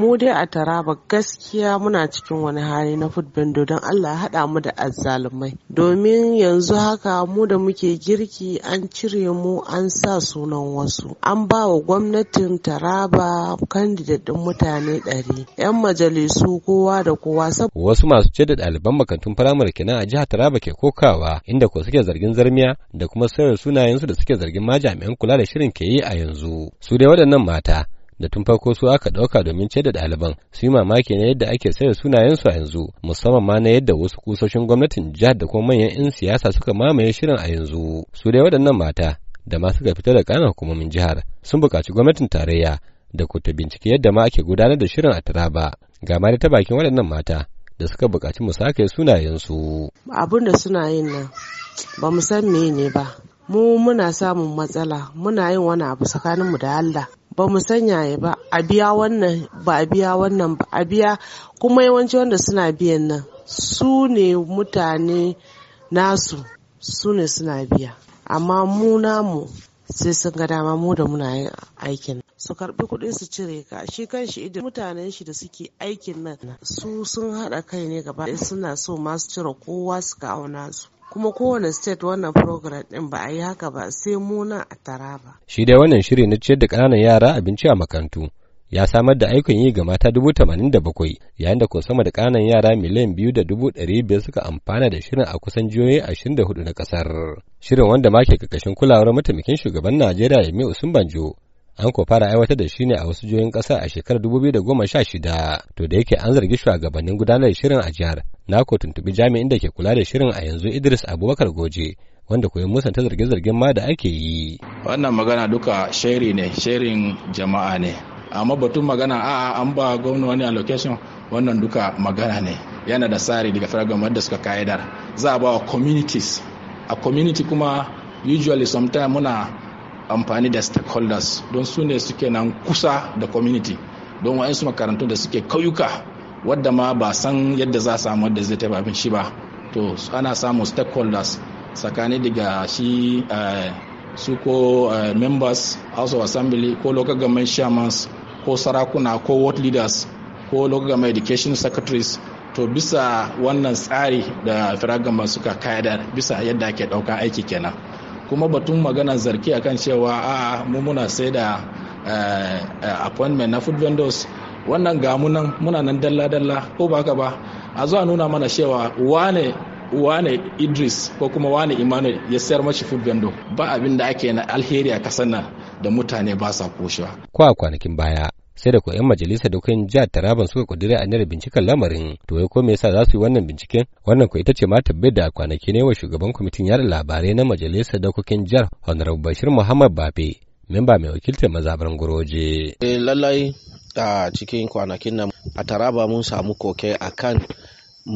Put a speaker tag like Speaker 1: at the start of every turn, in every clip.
Speaker 1: Mu dai a Taraba gaskiya muna cikin wani hali na food don Allah haɗa mu da azzalumai. Domin yanzu haka mu da muke girki an cire mu an sa sunan wasu. An ba wa gwamnatin Taraba candidate ɗin mutane ɗari. 'Yan majalisu kowa da kowa.
Speaker 2: Wasu masu ce da ɗaliban makantun firamare kenan a jihar Taraba ke kokawa inda ko suke zargin zarmiya da kuma sayar sunayensu da suke zargin ma jami'an kula da shirin ke yi a yanzu. Su dai waɗannan mata da tun farko su aka ɗauka domin ce da ɗaliban su yi mamaki na yadda ake sayar sunayensu a yanzu musamman ma na yadda wasu kusoshin gwamnatin jihar da kuma manyan 'yan siyasa suka mamaye shirin a yanzu su dai waɗannan mata da ma suka fita da ƙananan hukumomin jihar sun buƙaci gwamnatin tarayya da ku ta bincike yadda ma ake gudanar da shirin a taraba ga ma ta bakin waɗannan mata da suka buƙaci mu sake sunayensu.
Speaker 1: abun da suna yin nan ba mu san me ne ba mu muna samun matsala muna yin wani abu tsakaninmu da Allah ba mu ya ba a biya wannan ba a biya wannan ba a biya kuma yawanci wanda suna biyan nan su ne mutane nasu su ne suna biya amma mu namu sai sun ga dama mu da muna yin aikin su karbi kuɗin su cire ka shi kan shi idan mutanen shi da suke aikin nan su sun haɗa kai ne gaba suna so masu cire kowa suka auna su kuma kowane state wannan program din ba a yi haka ba sai mu a a ba.
Speaker 2: shi dai wannan shiri na ciyar da ƙananan yara abinci a makarantu ya samar da aikin yi ga mata dubu tamanin da bakwai yayin da ko sama da ƙananan yara miliyan biyu da dubu ɗari biyar suka amfana da shirin a kusan jihohi ashirin da hudu na ƙasar shirin wanda ma ke ƙarƙashin kulawar mataimakin shugaban najeriya yemi usman banjo an ko fara aiwatar da shi ne a wasu jihohin ƙasar a shekarar 2016 to da yake an zargi shugabannin gudanar da shirin a jihar na ko tuntubi jami'in da ke kula da shirin a yanzu Idris Abubakar Goje wanda koyon musanta zarge-zargen ma da ake yi.
Speaker 3: Wannan magana duka sheri ne, sherin jama'a ne. Amma batun magana a an ba gwamna wani allocation wannan duka magana ne. Yana da tsari daga firagamar da suka ka'idar. Za a ba wa communities. A community kuma usually sometimes muna amfani da stakeholders don su ne suke nan kusa da community don wa'insu makarantu da suke kauyuka wadda ma ba san yadda za a samu wadda zai tafi abinci ba to ana samun stakeholders tsakanin daga shi eh, su ko eh, members house of assembly ko local government shamans ko sarakuna ko ward leaders ko local government education secretaries to bisa wannan tsari da firagaman suka kayadar bisa yadda ake ɗauka aiki kenan kuma batun magana zarki akan cewa a mu muna sai da eh, appointment na food vendors wannan gamunan muna nan dalla-dalla ko ba ka ba a zuwa nuna mana cewa wane wane idris ko kuma wane emmanuel ya sayar mashi fibendo ba abin da ake na alheri a kasar nan da mutane ba sa koshewa
Speaker 2: ko a kwanakin baya sai da ko 'yan da dokokin jihar Taraban suka kudure aniyar binciken lamarin to ya ko me yasa za su yi wannan binciken wannan ko ita ce ma tabbai da kwanaki ne wa shugaban kwamitin yada labarai na Majalisa majalisar dokokin jihar Honorable Bashir Muhammad Bafe memba mai wakiltar mazabar Goroje
Speaker 4: eh, lallai a cikin kwanakin nan a taraba mun samu koke a kan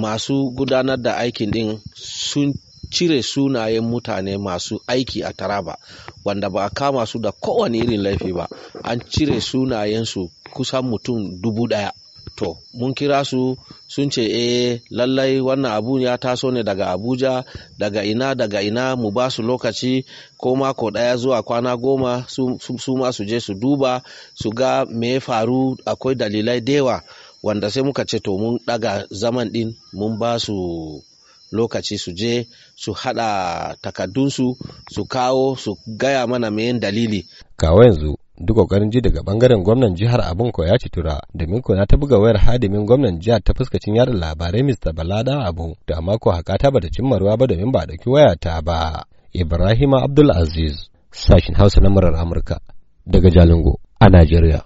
Speaker 4: masu gudanar da aikin din sun cire sunayen mutane masu aiki a taraba wanda ba a kama su da kowane irin laifi ba an cire sunayensu kusan mutum dubu daya to mun kira su sun ce eh lallai wannan abu ya taso ne daga abuja daga ina daga ina mu ba su lokaci ko mako daya zuwa kwana goma su ma su je su duba su ga me faru akwai dalilai dewa wanda sai muka ce to mun daga zaman din mun ba su lokaci su je su hada takaddunsu su kawo su gaya mana mayan
Speaker 2: dalili kawo yanzu duk kokarin ji daga bangaren gwamnan jihar abin ya ci tura domin ko na ta buga wayar hadimin gwamnan jihar ta fuskacin yada labarai Mr. Balada Abu da amma ko haka ta bata cimma ruwa ba domin ba dauki waya ta ba Ibrahim Abdul Aziz sashin Hausa na murar Amurka daga Jalingo a Najeriya